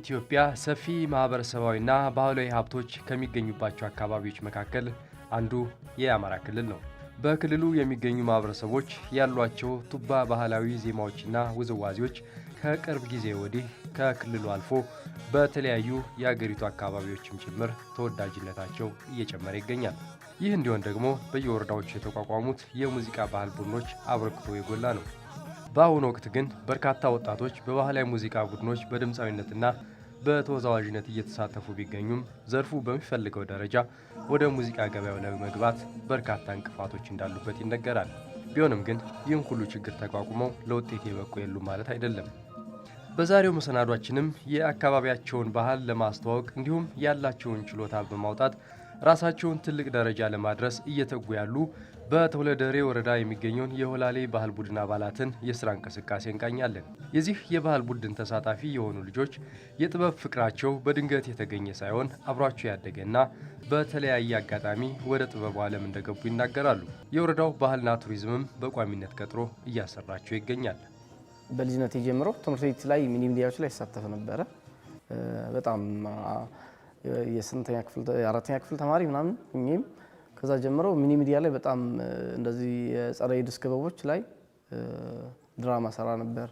ኢትዮጵያ ሰፊ ማህበረሰባዊና ባህላዊ ሀብቶች ከሚገኙባቸው አካባቢዎች መካከል አንዱ የአማራ ክልል ነው። በክልሉ የሚገኙ ማህበረሰቦች ያሏቸው ቱባ ባህላዊ ዜማዎችና ውዝዋዜዎች ከቅርብ ጊዜ ወዲህ ከክልሉ አልፎ በተለያዩ የአገሪቱ አካባቢዎችም ጭምር ተወዳጅነታቸው እየጨመረ ይገኛል። ይህ እንዲሆን ደግሞ በየወረዳዎች የተቋቋሙት የሙዚቃ ባህል ቡድኖች አበርክቶ የጎላ ነው። በአሁኑ ወቅት ግን በርካታ ወጣቶች በባህላዊ ሙዚቃ ቡድኖች በድምፃዊነትና በተወዛዋዥነት እየተሳተፉ ቢገኙም ዘርፉ በሚፈልገው ደረጃ ወደ ሙዚቃ ገበያው ለመግባት በርካታ እንቅፋቶች እንዳሉበት ይነገራል። ቢሆንም ግን ይህን ሁሉ ችግር ተቋቁመው ለውጤት የበቁ የሉ ማለት አይደለም። በዛሬው መሰናዷችንም የአካባቢያቸውን ባህል ለማስተዋወቅ እንዲሁም ያላቸውን ችሎታ በማውጣት ራሳቸውን ትልቅ ደረጃ ለማድረስ እየተጉ ያሉ በተወለደ ሬ ወረዳ የሚገኘውን የሆላሌ ባህል ቡድን አባላትን የስራ እንቅስቃሴ እንቃኛለን። የዚህ የባህል ቡድን ተሳታፊ የሆኑ ልጆች የጥበብ ፍቅራቸው በድንገት የተገኘ ሳይሆን አብሯቸው ያደገና በተለያየ አጋጣሚ ወደ ጥበቡ ዓለም እንደገቡ ይናገራሉ። የወረዳው ባህልና ቱሪዝምም በቋሚነት ቀጥሮ እያሰራቸው ይገኛል። በልጅነት የጀምሮ ትምህርት ቤት ላይ ሚኒሚዲያዎች ላይ ይሳተፍ ነበረ። በጣም የስንተኛ ክፍል የአራተኛ ክፍል ተማሪ ምናምን እም ከዛ ጀምረው ሚኒ ሚዲያ ላይ በጣም እንደዚህ የጸረ ኤድስ ክበቦች ላይ ድራማ ሰራ ነበር።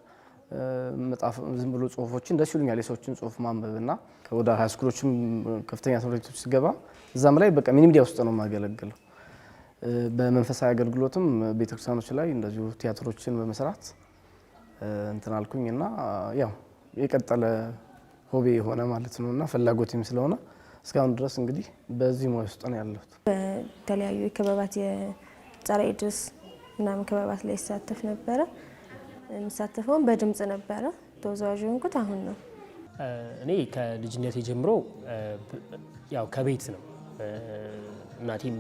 መጽሐፍ ዝም ብሎ ጽሁፎችን ደስ ይሉኛል፣ የሰዎችን ጽሁፍ ማንበብ ማንበብና ወደ ሃይስኩሎችም ከፍተኛ ትምህርት ቤቶች ሲገባ እዛም ላይ በቃ ሚኒ ሚዲያ ውስጥ ነው የማገለግለው። በመንፈሳዊ አገልግሎትም ቤተክርስቲያኖች ላይ እንደዚሁ ቲያትሮችን በመስራት እንትናልኩኝ እና ያው የቀጠለ ሆቤ የሆነ ማለት ነው እና ፍላጎትም ስለሆነ እስካሁን ድረስ እንግዲህ በዚህ ሙያ ውስጥ ነው ያለሁት። በተለያዩ ክበባት የጸረ ኤድስ ምናምን ክበባት ላይ ይሳተፍ ነበረ። የሚሳተፈውን በድምፅ ነበረ። ተወዛዋዥ የሆንኩት አሁን ነው። እኔ ከልጅነቴ ጀምሮ ያው ከቤት ነው። እናቴም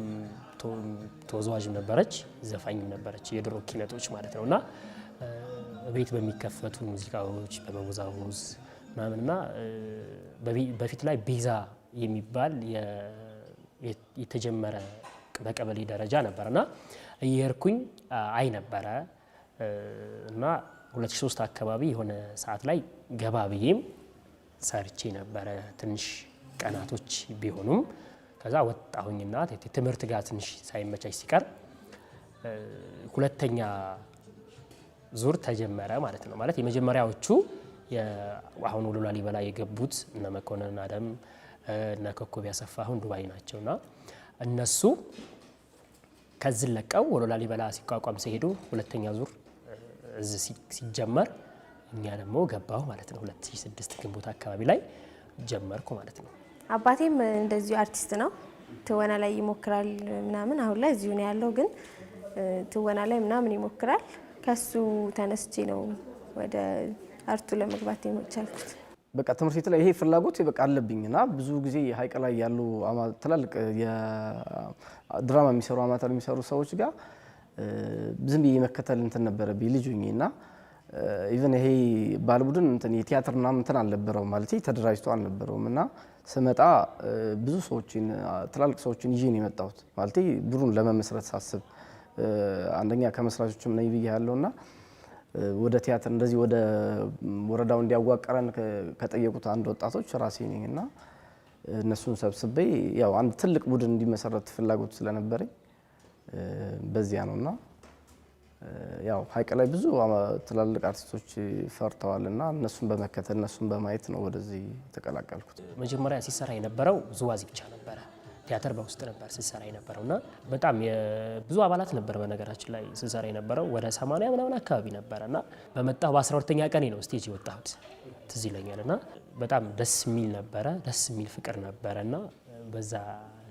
ተወዛዋዥም ነበረች፣ ዘፋኝም ነበረች። የድሮ ኪነቶች ማለት ነው እና ቤት በሚከፈቱ ሙዚቃዎች በመወዛወዝ ምናምንና በፊት ላይ ቤዛ የሚባል የተጀመረ በቀበሌ ደረጃ ነበር እና እየሄድኩኝ አይ ነበረ እና 2003 አካባቢ የሆነ ሰዓት ላይ ገባ ብዬም ሰርቼ ነበረ ትንሽ ቀናቶች ቢሆኑም ከዛ ወጣሁኝና ትምህርት ጋር ትንሽ ሳይመቻች ሲቀር ሁለተኛ ዙር ተጀመረ ማለት ነው። ማለት የመጀመሪያዎቹ አሁን ወደ ላሊበላ የገቡት እነ መኮንን አደም እነ ኮከብ ያሰፋ አሁን ዱባይ ናቸውና እነሱ ከዚህ ለቀው ወደ ላሊበላ ሲቋቋም ሲሄዱ ሁለተኛ ዙር እዚህ ሲጀመር እኛ ደግሞ ገባሁ ማለት ነው። 2006 ግንቦት አካባቢ ላይ ጀመርኩ ማለት ነው። አባቴም እንደዚሁ አርቲስት ነው። ትወና ላይ ይሞክራል ምናምን። አሁን ላይ እዚሁ ነው ያለው፣ ግን ትወና ላይ ምናምን ይሞክራል። ከሱ ተነስቼ ነው ወደ አርቱ ለመግባት የቻልኩት። በቃ ትምህርት ቤት ላይ ይሄ ፍላጎት በቃ አለብኝ እና ብዙ ጊዜ ሀይቅ ላይ ያሉ ትላልቅ ድራማ የሚሰሩ አማተር የሚሰሩ ሰዎች ጋር ዝም ብዬ መከተል እንትን ነበረብኝ ልጅ እና ኢቨን ይሄ ባልቡድን ቡድን እንትን የቲያትር ምናምን እንትን አልነበረውም ማለት ተደራጅቶ አልነበረውም እና ስመጣ ብዙ ሰዎችን ትላልቅ ሰዎችን ይዤ ነው የመጣሁት ማለት ቡድኑን ለመመስረት ሳስብ አንደኛ ከመስራቾችም ነኝ ብዬ ያለውና ወደ ቲያትር እንደዚህ ወደ ወረዳው እንዲያዋቀረን ከጠየቁት አንድ ወጣቶች ራሴ ነኝ እና እነሱን ሰብስቤ ያው አንድ ትልቅ ቡድን እንዲመሰረት ፍላጎት ስለነበረኝ በዚያ ነው እና ያው ሀይቅ ላይ ብዙ ትላልቅ አርቲስቶች ፈርተዋል እና እነሱን በመከተል እነሱን በማየት ነው ወደዚህ የተቀላቀልኩት። መጀመሪያ ሲሰራ የነበረው ዝዋዚ ብቻ ነበረ። ቲያትር በውስጥ ነበር ስንሰራ የነበረው እና በጣም ብዙ አባላት ነበር በነገራችን ላይ ስንሰራ የነበረው ወደ ሰማንያ ምናምን አካባቢ ነበረ እና በመጣሁ በአስራ ሁለተኛ ቀኔ ነው ስቴጅ የወጣሁት ትዝ ይለኛል እና በጣም ደስ የሚል ነበረ። ደስ የሚል ፍቅር ነበረ እና በዛ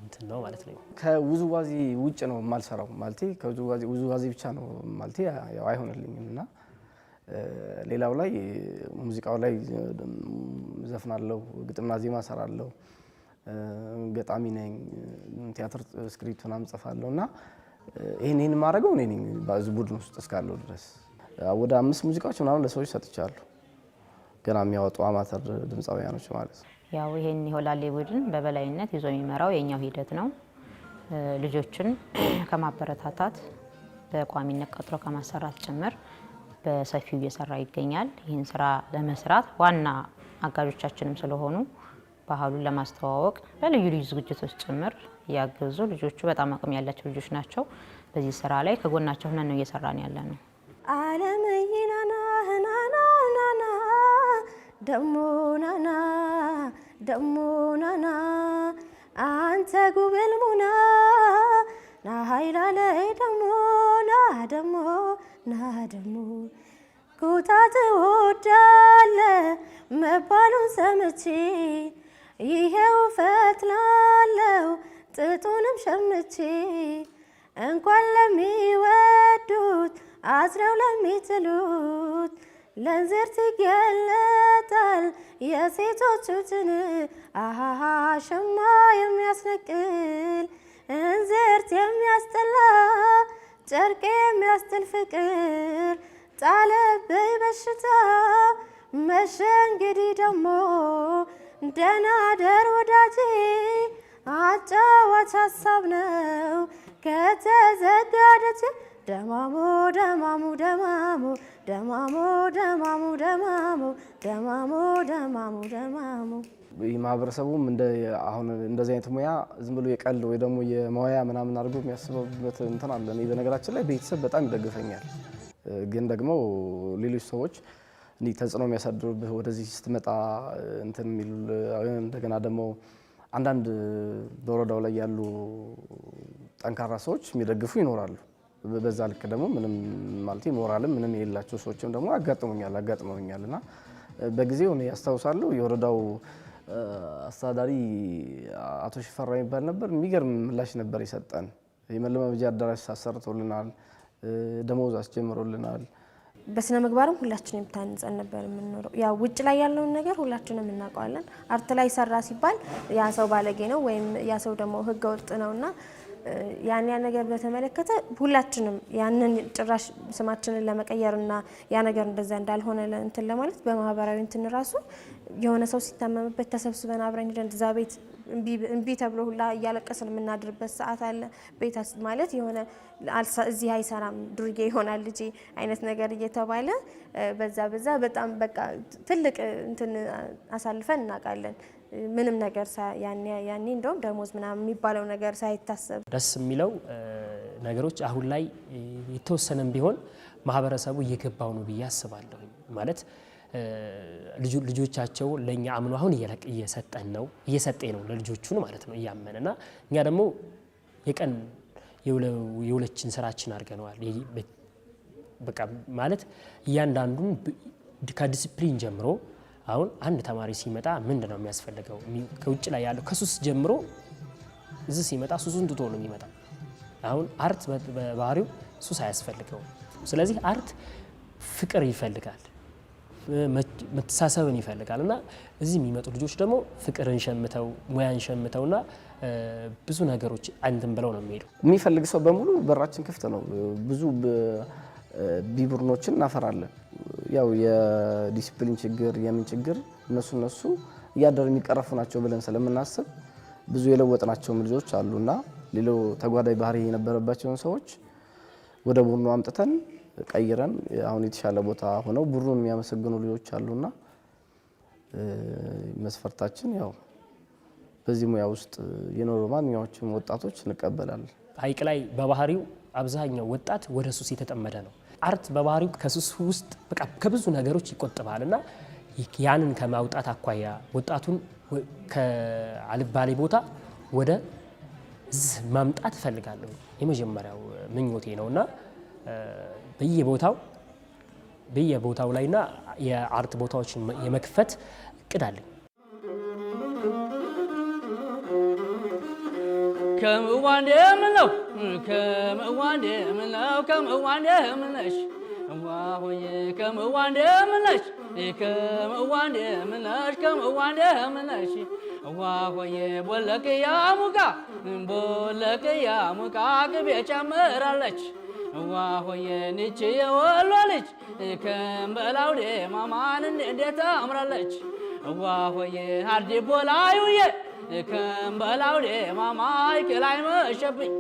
እንትን ነው ማለት ነው። ከውዝዋዜ ውጭ ነው የማልሰራው ማለት ከውዝዋዜ ብቻ ነው ማለት ያው አይሆንልኝም እና ሌላው ላይ ሙዚቃው ላይ ዘፍናለሁ፣ ግጥምና ዜማ ሰራለሁ። ገጣሚ ነኝ፣ ቲያትር ስክሪፕት ምናምን ጽፋለሁ እና ይህን ይህን የማደርገው እኔ ነኝ በዚህ ቡድን ውስጥ እስካለሁ ድረስ። ወደ አምስት ሙዚቃዎች ምናምን ለሰዎች ሰጥቻለሁ፣ ገና የሚያወጡ አማተር ድምፃውያኖች ማለት ነው። ያው ይሄን የሆላሌ ቡድን በበላይነት ይዞ የሚመራው የኛው ሂደት ነው። ልጆችን ከማበረታታት በቋሚነት ቀጥሮ ከማሰራት ጭምር በሰፊው እየሰራ ይገኛል። ይህን ስራ ለመስራት ዋና አጋዦቻችንም ስለሆኑ ባህሉን ለማስተዋወቅ በልዩ ልዩ ዝግጅቶች ጭምር እያገዙ ልጆቹ በጣም አቅም ያላቸው ልጆች ናቸው። በዚህ ስራ ላይ ከጎናቸው ሆነን ነው እየሰራን ያለ ነው። ደሞ ናና ደሞ ናና አንተ ጉብል ሙና ናሀይላለይ ደሞ ና ደሞ ና ደሞ ኩታ ትወዳለ መባሉን ሰምቼ ይሄው ፈትላለው ጥጡንም ሸምቼ እንኳን ለሚወዱት አዝረው ለሚጥሉት ለእንዝርት ይገለጣል የሴቶቹ ጭን አሃሃ ሸማ የሚያስነቅል እንዝርት የሚያስጠላ ጨርቅ የሚያስጥል ፍቅር ጣለበይ በሽታ መሸ እንግዲህ ደግሞ ደህና ደር ወዳጄ አጫዋች ሀሳብ ነው ከተዘጋ ደጅ ደማሞ ደማሙ ደማሞ ደማሞ ደማሙ ደማሞ ደማሞ ደማሙ ደማሙ ማህበረሰቡም አሁን እንደዚህ አይነት ሙያ ዝም ብሎ የቀልድ ወይ ደግሞ የመዋያ ምናምን አድርጎ የሚያስበበት እንትን አለ። በነገራችን ላይ ቤተሰብ በጣም ይደግፈኛል፣ ግን ደግሞ ሌሎች ሰዎች እንዲህ ተጽዕኖ የሚያሳድሩብህ ወደዚህ ስትመጣ እንትን የሚሉ እንደገና ደግሞ አንዳንድ በወረዳው ላይ ያሉ ጠንካራ ሰዎች የሚደግፉ ይኖራሉ። በዛ ልክ ደግሞ ምንም ማለት ሞራልም ምንም የሌላቸው ሰዎችም ደግሞ አጋጥሞኛል አጋጥመውኛል እና በጊዜው እኔ ያስታውሳለሁ የወረዳው አስተዳዳሪ አቶ ሽፈራ የሚባል ነበር። የሚገርም ምላሽ ነበር የሰጠን። የመለማመጃ አዳራሽ አሰርቶልናል፣ ደሞዝ አስጀምሮልናል። በስነ ምግባርም ሁላችንም ታንጸን ነበር የምንኖረው። ያው ውጭ ላይ ያለውን ነገር ሁላችንም እናውቀዋለን። አርት ላይ ሰራ ሲባል ያ ሰው ባለጌ ነው ወይም ያ ሰው ደግሞ ህገ ወጥ ነውና ያን ያ ነገር በተመለከተ ሁላችንም ያንን ጭራሽ ስማችንን ለመቀየርና ያ ነገር እንደዛ እንዳልሆነ እንትን ለማለት በማህበራዊ እንትን ራሱ የሆነ ሰው ሲታመምበት ተሰብስበን አብረን ሂደን እዛ ቤት እምቢ ተብሎ ሁላ እያለቀስን የምናድርበት ሰዓት አለ። ቤት ማለት የሆነ እዚህ አይሰራም ዱርዬ ይሆናል ልጅ አይነት ነገር እየተባለ በዛ በዛ በጣም በቃ ትልቅ እንትን አሳልፈን እናውቃለን። ምንም ነገር ያኔ እንደውም ደሞዝ ምናምን የሚባለው ነገር ሳይታሰብ ደስ የሚለው ነገሮች አሁን ላይ የተወሰነም ቢሆን ማህበረሰቡ እየገባው ነው ብዬ አስባለሁ ማለት ልጆቻቸው ለእኛ አምኖ አሁን እየሰጠን ነው እየሰጠ ነው ለልጆቹን ማለት ነው እያመን ና እኛ ደግሞ የቀን የሁለችን ስራችን አድርገነዋል። በቃ ማለት እያንዳንዱን ከዲስፕሊን ጀምሮ አሁን አንድ ተማሪ ሲመጣ ምንድን ነው የሚያስፈልገው? ከውጭ ላይ ያለው ከሱስ ጀምሮ እዚህ ሲመጣ ሱሱን ትቶ ነው የሚመጣ። አሁን አርት በባህሪው ሱስ አያስፈልገው። ስለዚህ አርት ፍቅር ይፈልጋል። መተሳሰብን ይፈልጋል እና እዚህ የሚመጡ ልጆች ደግሞ ፍቅርን ሸምተው ሙያን ሸምተው ና ብዙ ነገሮች አንድን ብለው ነው የሚሄዱ። የሚፈልግ ሰው በሙሉ በራችን ክፍት ነው። ብዙ ቢቡርኖችን እናፈራለን። ያው የዲሲፕሊን ችግር የምን ችግር እነሱ እነሱ እያደሩ የሚቀረፉ ናቸው ብለን ስለምናስብ ብዙ የለወጥናቸውም ልጆች አሉና ሌላው ተጓዳይ ባህሪ የነበረባቸውን ሰዎች ወደ ቡድኑ አምጥተን ቀይረን አሁን የተሻለ ቦታ ሆነው ብሩን የሚያመሰግኑ ልጆች አሉና መስፈርታችን ያው በዚህ ሙያ ውስጥ የኖሩ ማንኛዎችም ወጣቶች እንቀበላለን። ሀይቅ ላይ በባህሪው አብዛኛው ወጣት ወደ ሱስ የተጠመደ ነው። አርት በባህሪው ከሱስ ውስጥ በቃ ከብዙ ነገሮች ይቆጥባል እና ያንን ከማውጣት አኳያ ወጣቱን ከአልባሌ ቦታ ወደ ማምጣት እፈልጋለሁ የመጀመሪያው ምኞቴ ነው እና በየቦታው በየቦታው ላይና የአርት ቦታዎችን የመክፈት እቅድ አለኝ። ከምእዋን ደምነው ከምእዋን ደምነው ከምእዋን ደምነሽ እዋሆይ ከምእዋን ደምነሽ ቦለቅያ ሙቃ ቦለቅያ ሙቃ ጨምራለች ዋሆየንች የወሎ ልጅ ከእምበላውዴ ማማን እንዴት አምራለች። ዋሆየ አርዲቦ ላዩዬ ከእምበላውዴ ማማይ ክላይ መሸብኝ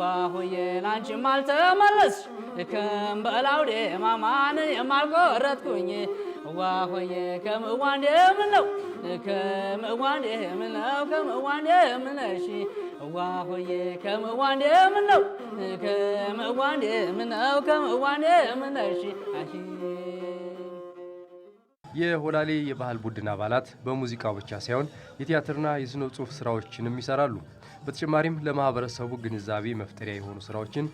ዋሆየ ላንቺም አልተመለስሽ ከእምበላውዴ ማማን የማልቆረጥኩኝ ዋሆየ ከምዋንዴ ምነው ከምዋንዴ ምነው ከምዋንዴ ምነሽ አሺ የሆላሌ የባህል ቡድን አባላት በሙዚቃው ብቻ ሳይሆን የቲያትርና የስነ ጽሁፍ ስራዎችንም ይሰራሉ። በተጨማሪም ለማህበረሰቡ ግንዛቤ መፍጠሪያ የሆኑ ስራዎችን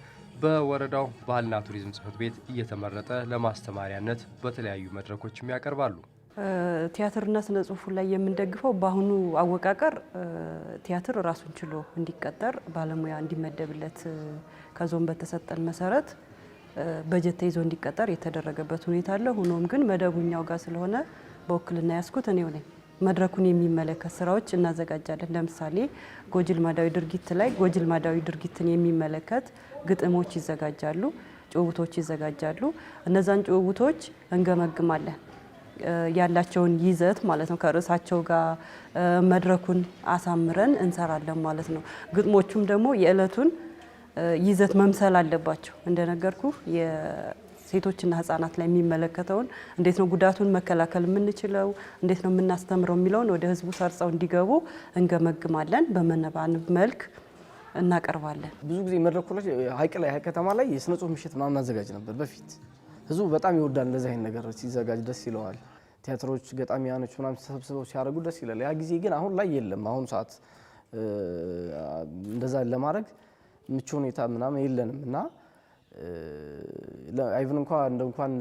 በወረዳው ባህልና ቱሪዝም ጽህፈት ቤት እየተመረጠ ለማስተማሪያነት በተለያዩ መድረኮችም ያቀርባሉ። ቲያትርና ስነ ጽሁፉን ላይ የምንደግፈው በአሁኑ አወቃቀር ቲያትር ራሱን ችሎ እንዲቀጠር ባለሙያ እንዲመደብለት ከዞን በተሰጠን መሰረት በጀት ተይዞ እንዲቀጠር የተደረገበት ሁኔታ አለ። ሆኖም ግን መደቡኛው ጋር ስለሆነ በውክልና ያስኩት እኔው ነኝ። መድረኩን የሚመለከት ስራዎች እናዘጋጃለን። ለምሳሌ ጎጂ ልማዳዊ ድርጊት ላይ ጎጂ ልማዳዊ ድርጊትን የሚመለከት ግጥሞች ይዘጋጃሉ፣ ጭውውቶች ይዘጋጃሉ። እነዛን ጭውውቶች እንገመግማለን። ያላቸውን ይዘት ማለት ነው ከርዕሳቸው ጋር መድረኩን አሳምረን እንሰራለን ማለት ነው። ግጥሞቹም ደግሞ የዕለቱን ይዘት መምሰል አለባቸው። እንደነገርኩ ሴቶችና ህጻናት ላይ የሚመለከተውን እንዴት ነው ጉዳቱን መከላከል የምንችለው፣ እንዴት ነው የምናስተምረው የሚለውን ወደ ህዝቡ ሰርጸው እንዲገቡ እንገመግማለን። በመነባንብ መልክ እናቀርባለን። ብዙ ጊዜ መድረኩ ላይ ሀይቅ ላይ ሀይቅ ከተማ ላይ የስነ ጽሁፍ ምሽት ምናምን አዘጋጅ ነበር በፊት። ህዝቡ በጣም ይወዳል እንደዚህ አይነት ነገር ሲዘጋጅ ደስ ይለዋል። ቲያትሮች፣ ገጣሚያኖች ምናምን ተሰብስበው ሲያደርጉ ደስ ይላል። ያ ጊዜ ግን አሁን ላይ የለም። አሁን ሰዓት እንደዛ ለማድረግ ምቹ ሁኔታ ምናምን የለንም እና አይቭን እንኳ እንደ እንኳን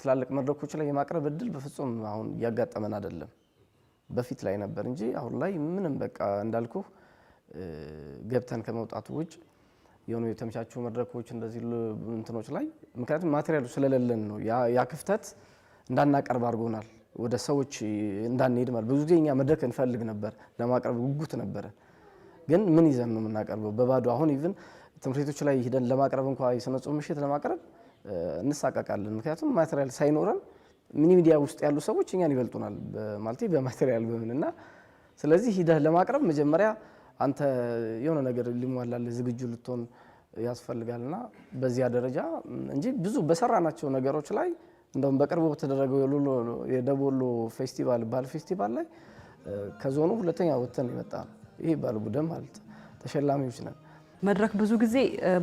ትላልቅ መድረኮች ላይ የማቅረብ እድል በፍጹም አሁን እያጋጠመን አይደለም። በፊት ላይ ነበር እንጂ አሁን ላይ ምንም በቃ እንዳልኩ ገብተን ከመውጣቱ ውጭ የሆኑ የተመቻቹ መድረኮች እንደዚህ እንትኖች ላይ ምክንያቱም ማቴሪያሉ ስለሌለን ነው ያ ክፍተት እንዳናቀርብ አድርጎናል። ወደ ሰዎች እንዳንሄድ ማለት ብዙ ጊዜ እኛ መድረክ እንፈልግ ነበር፣ ለማቅረብ ጉጉት ነበረ። ግን ምን ይዘን ነው የምናቀርበው? በባዶ አሁን ኢቭን ትምህርት ቤቶች ላይ ሂደን ለማቅረብ እንኳ የስነ ጽሁፍ ምሽት ለማቅረብ እንሳቀቃለን። ምክንያቱም ማቴሪያል ሳይኖረን ሚኒ ሚዲያ ውስጥ ያሉ ሰዎች እኛን ይበልጡናል ማለት በማቴሪያል በምንና ስለዚህ ሂደህ ለማቅረብ መጀመሪያ አንተ የሆነ ነገር ሊሟላልህ ዝግጁ ልትሆን ያስፈልጋልና በዚያ ደረጃ እንጂ ብዙ በሰራናቸው ነገሮች ላይ እንደውም በቅርቡ በተደረገው የደቡብ ወሎ ፌስቲቫል ባል ፌስቲቫል ላይ ከዞኑ ሁለተኛ ወጥተን የመጣ ነው። ይሄ ባል ቡድን ማለት ተሸላሚዎች ነን። መድረክ ብዙ ጊዜ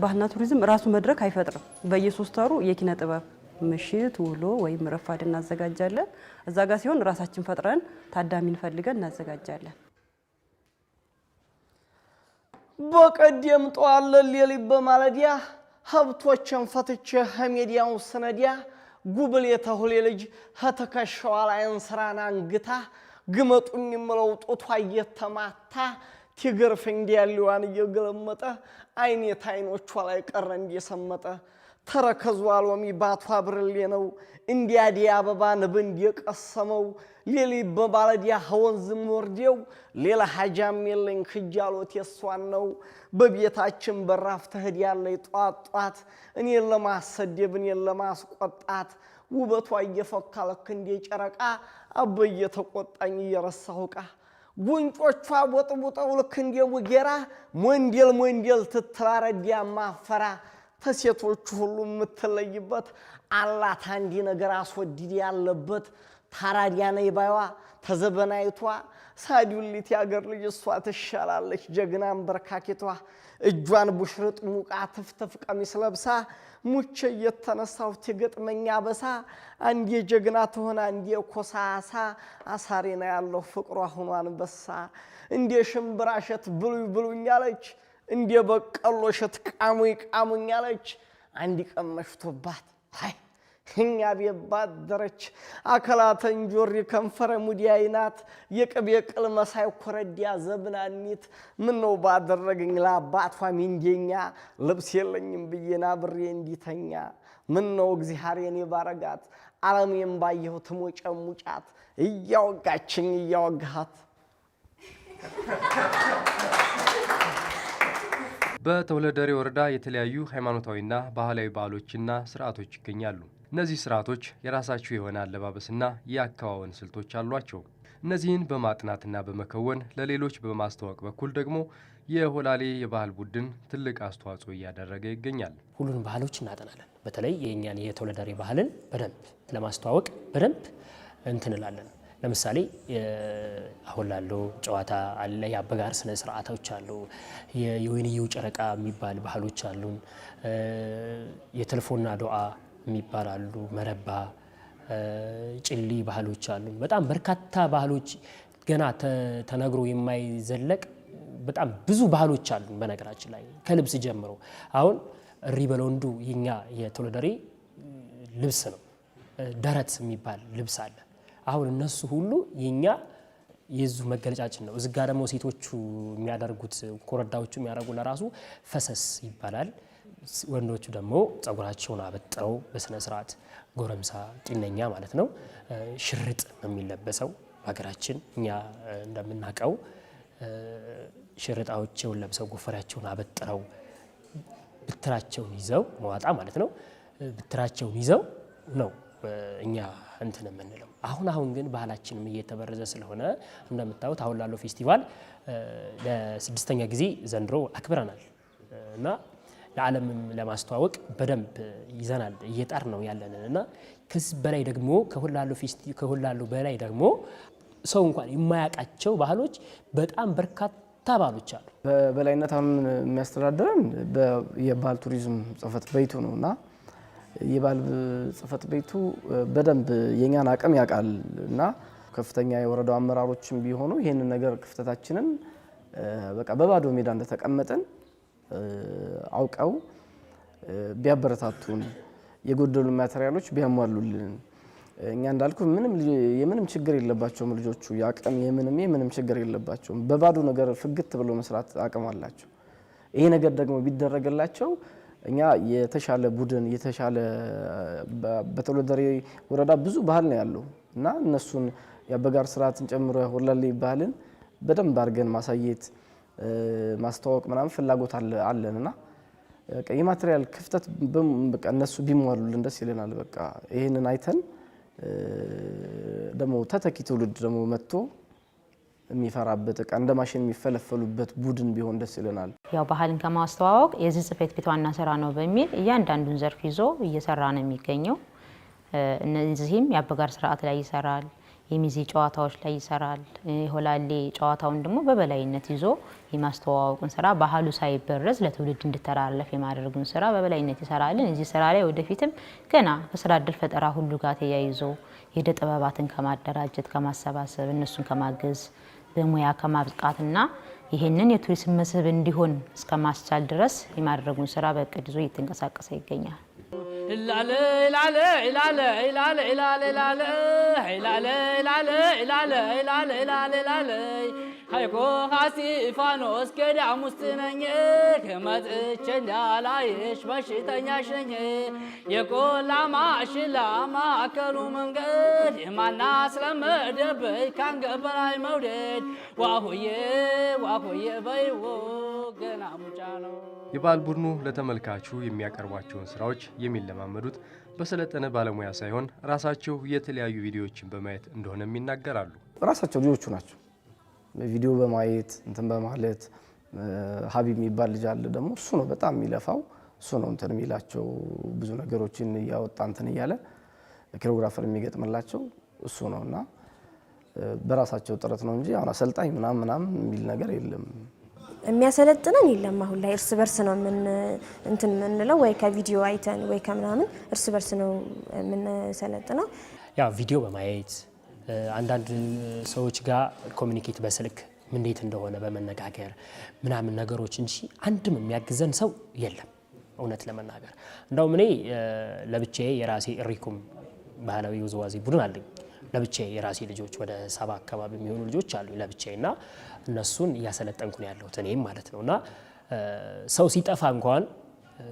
ባህልና ቱሪዝም ራሱ መድረክ አይፈጥርም። በየሶስት ወሩ የኪነ ጥበብ ምሽት ውሎ ወይም ረፋድ እናዘጋጃለን። እዛ ጋር ሲሆን ራሳችን ፈጥረን ታዳሚን ፈልገን እናዘጋጃለን። በቀደም ጠዋት ሌሊት በማለዲያ ሀብቶችን ፈትቼ ሀሜዲያውን ስነዲያ ጉብል የተሁሌ ልጅ ከትከሻዋ ላይ እንስራን አንግታ ግመጡን የምለው ጡቷ እየተማታ ቲግር ፈንዲያሌዋን እየገለመጠ አይኔት አይኖቿ ላይ ቀረ እንዲሰመጠ ተረከዙ ሎሚ ባቷ ብርሌ ነው እንዲያዲ አበባ ንብ እንዲቀሰመው ሌሊ በባለዲያ ሀወንዝም ወርዴው ሌላ ሀጃም የለኝ ክጃሎት የሷን ነው በቤታችን በራፍ ትሄድ ያለ ጧት ጧት እኔን ለማሰደብ እኔን ለማስቆጣት ውበቷ እየፈካ ልክ ጨረቃ አበየ ተቆጣኝ እየረሳሁ ዕቃ ጉንጮቿ ቦጥቡጠው ልክ እንደ ውጌራ ሞንዴል ሞንዴል ትትራረዲያ ማፈራ ተሴቶቹ ሁሉ የምትለይበት አላት አንዲ ነገር አስወድድ ያለበት ታራዲያ ነይባይዋ ተዘበናይቷ ሳዲውሊት ያገር ልጅ እሷ ትሻላለች። ጀግናን በርካኬቷ እጇን ቡሽርጥ ሙቃ ትፍትፍ ቀሚስ ለብሳ ሙቼ እየተነሳው ትገጥመኛ በሳ አንዴ ጀግና ትሆን አንዴ ኮሳሳ አሳሬና ያለው ፍቅሯ ሁኖ አንበሳ እንዴ ሽምብራ እሸት ብሉይ ብሉኛለች እንዴ በቀሎ እሸት ቃሙኝ ቃሙኛለች አንድ ቀን መሽቶባት አይ እኛ ቤት ባደረች አከላተን ጆሪ ከንፈረ ሙዲያይናት የቅቤ ቅል መሳይ ኮረዲያ ዘብናኒት ነው ባደረግኝ ለአባቷ ሚንዴኛ ልብስ የለኝም ብዬና ብሬ እንዲተኛ እግዚአብሔር የኔ ባረጋት አለሜም ባየሁ ትሞጨሙጫት እያወጋችኝ እያወጋሃት በተውለደሬ ወረዳ የተለያዩ ሃይማኖታዊና ባህላዊ በዓሎችና ስርዓቶች ይገኛሉ። እነዚህ ስርዓቶች የራሳቸው የሆነ አለባበስና የአከዋወን ስልቶች አሏቸው። እነዚህን በማጥናትና በመከወን ለሌሎች በማስተዋወቅ በኩል ደግሞ የሆላሌ የባህል ቡድን ትልቅ አስተዋጽኦ እያደረገ ይገኛል። ሁሉን ባህሎች እናጠናለን። በተለይ የእኛን የተወለዳሪ ባህልን በደንብ ለማስተዋወቅ በደንብ እንትንላለን። ለምሳሌ አሁን ላለው ጨዋታ አለ፣ የአበጋር ስነ ስርዓቶች አሉ፣ የወይንየው ጨረቃ የሚባል ባህሎች አሉን፣ የተልፎና ዶዓ የሚባላሉ መረባ፣ ጭሊ ባህሎች አሉ። በጣም በርካታ ባህሎች ገና ተነግሮ የማይዘለቅ በጣም ብዙ ባህሎች አሉ። በነገራችን ላይ ከልብስ ጀምሮ አሁን እሪ በለወንዱ የኛ የቶሎደሪ ልብስ ነው። ደረት የሚባል ልብስ አለ። አሁን እነሱ ሁሉ የኛ የዙ መገለጫችን ነው። እዚጋ ደግሞ ሴቶቹ የሚያደርጉት ኮረዳዎቹ የሚያደርጉ ለራሱ ፈሰስ ይባላል። ወንዶቹ ደግሞ ጸጉራቸውን አበጥረው በስነ ስርዓት ጎረምሳ ጢነኛ ማለት ነው ሽርጥ ነው የሚለበሰው። ሀገራችን እኛ እንደምናውቀው ሽርጣዎቸውን ለብሰው ጎፈሪያቸውን አበጥረው ብትራቸውን ይዘው መዋጣ ማለት ነው ብትራቸውን ይዘው ነው እኛ እንትን የምንለው። አሁን አሁን ግን ባህላችንም እየተበረዘ ስለሆነ እንደምታዩት አሁን ላለው ፌስቲቫል ለስድስተኛ ጊዜ ዘንድሮ አክብረናል እና ለዓለምም ለማስተዋወቅ በደንብ ይዘናል እየጣር ነው ያለንን እና ከዚህ በላይ ደግሞ ከሁላሉ በላይ ደግሞ ሰው እንኳን የማያውቃቸው ባህሎች በጣም በርካታ ባህሎች አሉ። በላይነት አሁን የሚያስተዳድረን የባህል ቱሪዝም ጽህፈት ቤቱ ነው እና የባህል ጽሕፈት ቤቱ በደንብ የእኛን አቅም ያውቃል እና ከፍተኛ የወረዳው አመራሮችም ቢሆኑ ይህንን ነገር ክፍተታችንን በቃ በባዶ ሜዳ እንደተቀመጥን አውቀው ቢያበረታቱን የጎደሉ ማቴሪያሎች ቢያሟሉልን እኛ እንዳልኩ ምንም የምንም ችግር የለባቸውም ልጆቹ የአቅም የምንም የምንም ችግር የለባቸውም። በባዶ ነገር ፍግት ብሎ መስራት አቅም አላቸው። ይሄ ነገር ደግሞ ቢደረግላቸው እኛ የተሻለ ቡድን የተሻለ በተወለደሬ ወረዳ ብዙ ባህል ነው ያለው እና እነሱን የአበጋር ስርዓትን ጨምሮ የሆላሌ ባህልን በደንብ አድርገን ማሳየት ማስተዋወቅ ምናምን ፍላጎት አለን እና የማቴሪያል ክፍተት እነሱ ቢሟሉልን ደስ ይለናል። በቃ ይህንን አይተን ደግሞ ተተኪ ትውልድ ደግሞ መጥቶ የሚፈራበት እቃ እንደ ማሽን የሚፈለፈሉበት ቡድን ቢሆን ደስ ይለናል። ያው ባህልን ከማስተዋወቅ የዚህ ጽሕፈት ቤት ዋና ስራ ነው በሚል እያንዳንዱን ዘርፍ ይዞ እየሰራ ነው የሚገኘው። እነዚህም የአበጋር ስርዓት ላይ ይሰራል። የሚዜ ጨዋታዎች ላይ ይሰራል። የሆላሌ ጨዋታውን ደግሞ በበላይነት ይዞ የማስተዋወቅን ስራ ባህሉ ሳይበረዝ ለትውልድ እንዲተላለፍ የማድረግን ስራ በበላይነት ይሰራልን። እዚህ ስራ ላይ ወደፊትም ገና ከስራ እድል ፈጠራ ሁሉ ጋር ተያይዞ የእደ ጥበባትን ከማደራጀት ከማሰባሰብ፣ እነሱን ከማገዝ በሙያ ከማብቃትና ይህንን የቱሪስት መስህብ እንዲሆን እስከማስቻል ድረስ የማድረጉን ስራ በእቅድ ይዞ እየተንቀሳቀሰ ይገኛል። ላለ ሀይቆ ሀሲፋኖስ ገዳም ውስጥ ነኝ ከመጥቼ እንዳላይሽ በሽተኛሽ ነኝ የቆላ ማሽላ ማዕከሉ መንገድ የማና ስለመደበይ ካንገት በላይ መውደድ ዋሆዬ ዋሆዬ በይዎ ገና ሙጫ ነው። የባህል ቡድኑ ለተመልካቹ የሚያቀርቧቸውን ስራዎች የሚለማመዱት በሰለጠነ ባለሙያ ሳይሆን ራሳቸው የተለያዩ ቪዲዮዎችን በማየት እንደሆነም ይናገራሉ። ራሳቸው ልጆቹ ናቸው ቪዲዮ በማየት እንትን በማለት ሀቢ የሚባል ልጅ አለ ደግሞ እሱ ነው በጣም የሚለፋው እሱ ነው እንትን የሚላቸው ብዙ ነገሮችን እያወጣ እንትን እያለ ኪሮግራፈር የሚገጥምላቸው እሱ ነው እና በራሳቸው ጥረት ነው እንጂ አሁን አሰልጣኝ ምናምን ምናምን የሚል ነገር የለም። የሚያሰለጥነን የለም። አሁን ላይ እርስ በርስ ነው ምን እንትን የምንለው ወይ ከቪዲዮ አይተን ወይ ከምናምን እርስ በርስ ነው የምንሰለጥነው። ያው ቪዲዮ በማየት አንዳንድ ሰዎች ጋር ኮሚኒኬት በስልክ እንዴት እንደሆነ በመነጋገር ምናምን ነገሮች እንጂ አንድም የሚያግዘን ሰው የለም። እውነት ለመናገር እንደውም እኔ ለብቻዬ የራሴ እሪኩም ባህላዊ ውዝዋዜ ቡድን አለኝ። ለብቻዬ የራሴ ልጆች ወደ ሰባ አካባቢ የሚሆኑ ልጆች አሉ ለብቻዬ እና እነሱን እያሰለጠንኩ ነው ያለሁት እኔም ማለት ነው እና ሰው ሲጠፋ እንኳን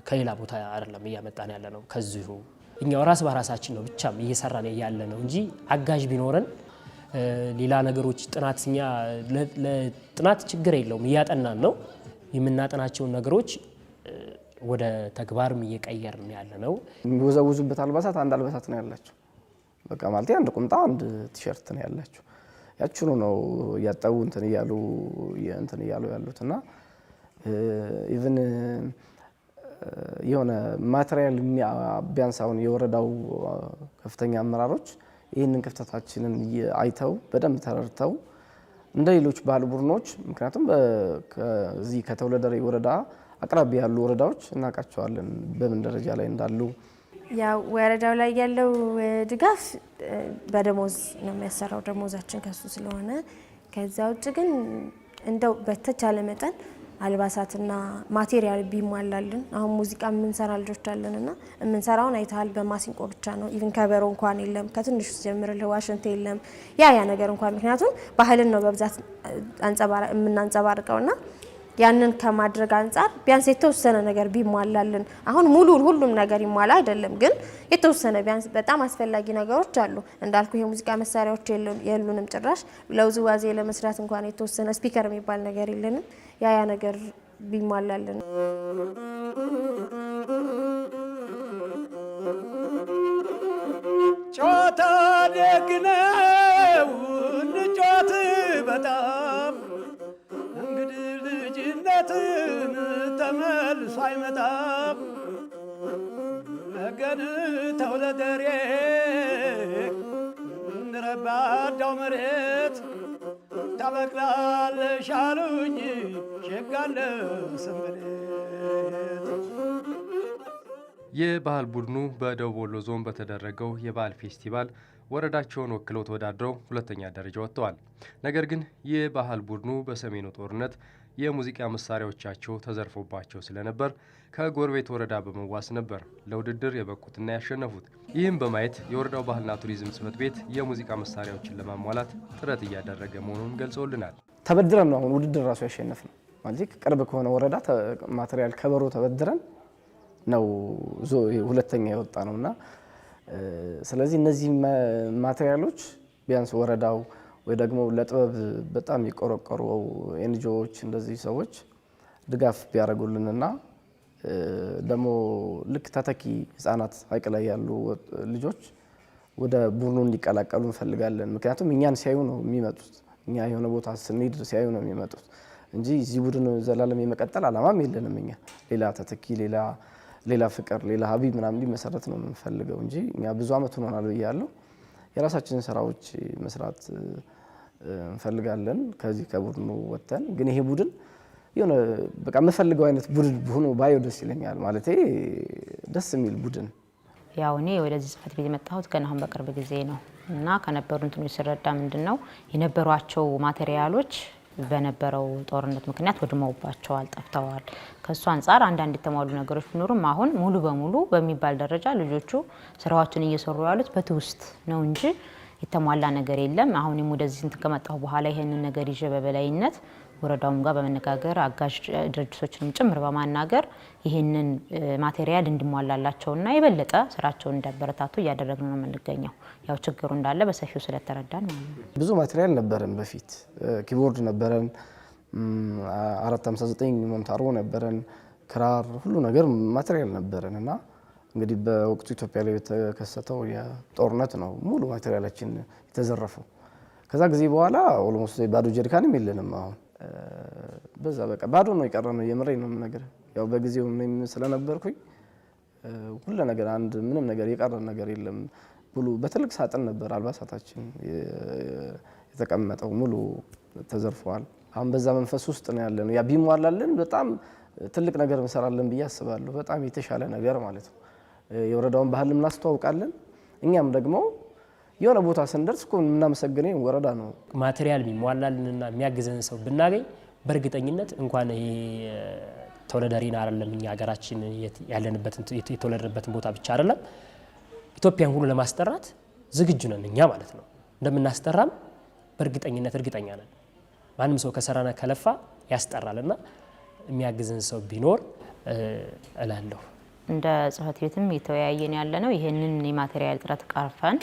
ከሌላ ቦታ አይደለም እያመጣን ያለ ነው ከዚሁ እኛው ራስ በራሳችን ነው ብቻም እየሰራን ያለ ነው እንጂ አጋዥ ቢኖረን ሌላ ነገሮች ጥናት እኛ ለጥናት ችግር የለውም እያጠናን ነው የምናጠናቸውን ነገሮች ወደ ተግባርም እየቀየር ያለ ነው። የሚወዘውዙበት አልባሳት አንድ አልባሳት ነው ያላቸው። በቃ ማለት አንድ ቁምጣ አንድ ቲሸርት ነው ያላቸው። ያችኑ ነው እያጠቡ እንትን እያሉ እንትን እያሉ ያሉት እና የሆነ ማቴሪያል ቢያንስ አሁን የወረዳው ከፍተኛ አመራሮች ይህንን ክፍተታችንን አይተው በደንብ ተረድተው እንደ ሌሎች ባሉ ቡድኖች ምክንያቱም ከዚህ ከተውለደሬ ወረዳ አቅራቢ ያሉ ወረዳዎች እናውቃቸዋለን በምን ደረጃ ላይ እንዳሉ። ያው ወረዳው ላይ ያለው ድጋፍ በደሞዝ ነው የሚያሰራው፣ ደሞዛችን ከሱ ስለሆነ ከዛ ውጭ ግን እንደው በተቻለ መጠን አልባሳትና ማቴሪያል ቢሟላልን አሁን ሙዚቃ የምንሰራ ልጆች አለን እና የምንሰራውን አይተሃል፣ በማሲንቆ ብቻ ነው። ኢቭን ከበሮ እንኳን የለም። ከትንሹ ጀምርልህ ዋሽንት የለም። ያ ያ ነገር እንኳን ምክንያቱም ባህልን ነው በብዛት የምናንጸባርቀው እና ያንን ከማድረግ አንጻር ቢያንስ የተወሰነ ነገር ቢሟላልን። አሁን ሙሉ ሁሉም ነገር ይሟላ አይደለም፣ ግን የተወሰነ ቢያንስ በጣም አስፈላጊ ነገሮች አሉ። እንዳልኩ የሙዚቃ መሳሪያዎች የሉንም ጭራሽ ለውዝዋዜ ለመስራት እንኳን የተወሰነ ስፒከር የሚባል ነገር የለንም። ያ ያ ነገር ቢሟላልን ጨዋታ ደግነው እንጫወት በጣም እንግዲህ ልጅነትን ተመልሶ አይመጣም። ነገን ተውለደሬ እንረባዳው መሬት ታበቅላለሽ አሉኝ የባህል ቡድኑ በደቡብ ወሎ ዞን በተደረገው የባህል ፌስቲቫል ወረዳቸውን ወክለው ተወዳድረው ሁለተኛ ደረጃ ወጥተዋል። ነገር ግን የባህል ቡድኑ በሰሜኑ ጦርነት የሙዚቃ መሳሪያዎቻቸው ተዘርፎባቸው ስለነበር ከጎረቤት ወረዳ በመዋስ ነበር ለውድድር የበቁትና ያሸነፉት። ይህም በማየት የወረዳው ባህልና ቱሪዝም ጽሕፈት ቤት የሙዚቃ መሳሪያዎችን ለማሟላት ጥረት እያደረገ መሆኑን ገልጾልናል። ተበድረን ነው አሁን ውድድር ራሱ ያሸነፍ ነው ማለት ቅርብ ከሆነ ወረዳ ማቴሪያል ከበሮ ተበድረን ነው ሁለተኛ የወጣ ነው እና ስለዚህ እነዚህ ማቴሪያሎች ቢያንስ ወረዳው ወይ ደግሞ ለጥበብ በጣም የቆረቆሩ ኤንጂኦዎች እንደዚህ ሰዎች ድጋፍ ቢያደርጉልንና ደግሞ ልክ ተተኪ ህጻናት ሀይቅ ላይ ያሉ ልጆች ወደ ቡድኑ እንዲቀላቀሉ እንፈልጋለን። ምክንያቱም እኛን ሲያዩ ነው የሚመጡት። እኛ የሆነ ቦታ ስንሄድ ሲያዩ ነው የሚመጡት እንጂ እዚህ ቡድን ዘላለም የመቀጠል አላማም የለንም። እኛ ሌላ ተተኪ፣ ሌላ ሌላ ፍቅር፣ ሌላ ሀቢብ ምናምን እንዲመሰረት ነው የምንፈልገው እንጂ እኛ ብዙ አመት ሆኖናል ብያለሁ። የራሳችንን ስራዎች መስራት እንፈልጋለን። ከዚህ ከቡድኑ ወጥተን ግን ይሄ ቡድን የሆነ በቃ የምፈልገው አይነት ቡድን ሆኖ ባየው ደስ ይለኛል። ማለት ደስ የሚል ቡድን ያው እኔ ወደዚህ ጽህፈት ቤት የመጣሁት ገና አሁን በቅርብ ጊዜ ነው እና ከነበሩ እንትኖች ስረዳ ምንድን ነው የነበሯቸው ማቴሪያሎች በነበረው ጦርነት ምክንያት ወድመውባቸዋል፣ ጠፍተዋል። ከእሱ አንጻር አንዳንድ የተሟሉ ነገሮች ቢኖሩም አሁን ሙሉ በሙሉ በሚባል ደረጃ ልጆቹ ስራዎችን እየሰሩ ያሉት በትውስት ነው እንጂ የተሟላ ነገር የለም። አሁን ወደዚህ ከመጣሁ በኋላ ይህንን ነገር ይዤ በበላይነት ወረዳውም ጋር በመነጋገር አጋዥ ድርጅቶችንም ጭምር በማናገር ይህንን ማቴሪያል እንዲሟላላቸውና የበለጠ ስራቸውን እንዲያበረታቱ እያደረግን ነው የምንገኘው። ያው ችግሩ እንዳለ በሰፊው ስለተረዳን ማለት ነው። ብዙ ማቴሪያል ነበረን በፊት ኪቦርድ ነበረን፣ አራት ዘጠኝ መምታሮ ነበረን፣ ክራር፣ ሁሉ ነገር ማቴሪያል ነበረን እና እንግዲህ በወቅቱ ኢትዮጵያ ላይ የተከሰተው የጦርነት ነው ሙሉ ማቴሪያላችን የተዘረፈው። ከዛ ጊዜ በኋላ ኦልሞስት ባዶ ጀሪካንም የለንም አሁን በዛ በቃ ባዶ ነው የቀረ ነው። ነው ነገር ያው በጊዜው እኔም ስለነበርኩኝ ሁሉ ነገር አንድ ምንም ነገር የቀረ ነገር የለም። ሙሉ በትልቅ ሳጥን ነበር አልባሳታችን የተቀመጠው፣ ሙሉ ተዘርፈዋል። አሁን በዛ መንፈስ ውስጥ ነው ያለ ነው። ያ ቢሟላልን በጣም ትልቅ ነገር እንሰራለን ብዬ አስባለሁ። በጣም የተሻለ ነገር ማለት ነው። የወረዳውን ባህል እናስተዋውቃለን እኛም ደግሞ የሆነ ቦታ ስንደርስ እኮ የምናመሰግነኝ ወረዳ ነው። ማቴሪያል የሚሟላልንና የሚያግዘን ሰው ብናገኝ በእርግጠኝነት እንኳን ይሄ ተወዳዳሪን አይደለም እኛ ሀገራችን ያለንበትን የተወለድንበትን ቦታ ብቻ አይደለም ኢትዮጵያን ሁሉ ለማስጠራት ዝግጁ ነን እኛ ማለት ነው። እንደምናስጠራም በእርግጠኝነት እርግጠኛ ነን። ማንም ሰው ከሰራነ ከለፋ ያስጠራልና የሚያግዝን ሰው ቢኖር እላለሁ። እንደ ጽህፈት ቤትም የተወያየን ያለ ነው። ይህንን የማቴሪያል ጥረት ቀርፈን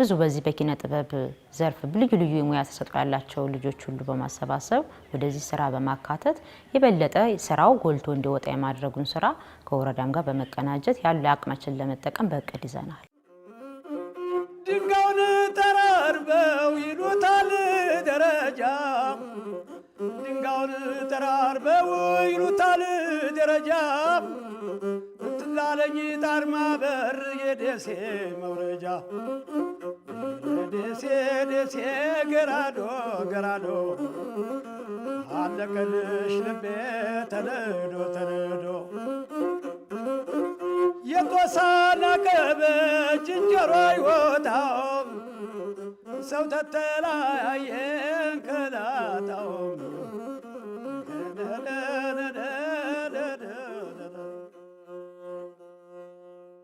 ብዙ በዚህ በኪነ ጥበብ ዘርፍ ልዩ ልዩ የሙያ ተሰጥኦ ያላቸው ልጆች ሁሉ በማሰባሰብ ወደዚህ ስራ በማካተት የበለጠ ስራው ጎልቶ እንዲወጣ የማድረጉን ስራ ከወረዳም ጋር በመቀናጀት ያለ አቅማችን ለመጠቀም በእቅድ ይዘናል። ድንጋዩን ጠራርበው ይሉታል ደረጃ፣ ድንጋዩን ጠራርበው ይሉታል ደረጃ ላለኝ ጣርማ በር የደሴ መውረጃ ደሴ ደሴ ገራዶ ገራዶ አለቀልሽ ልቤ ተነዶ ተነዶ የጎሳ ቀበች ጅንጀሮ ይወጣውም ሰው ተተላየን ከላታውም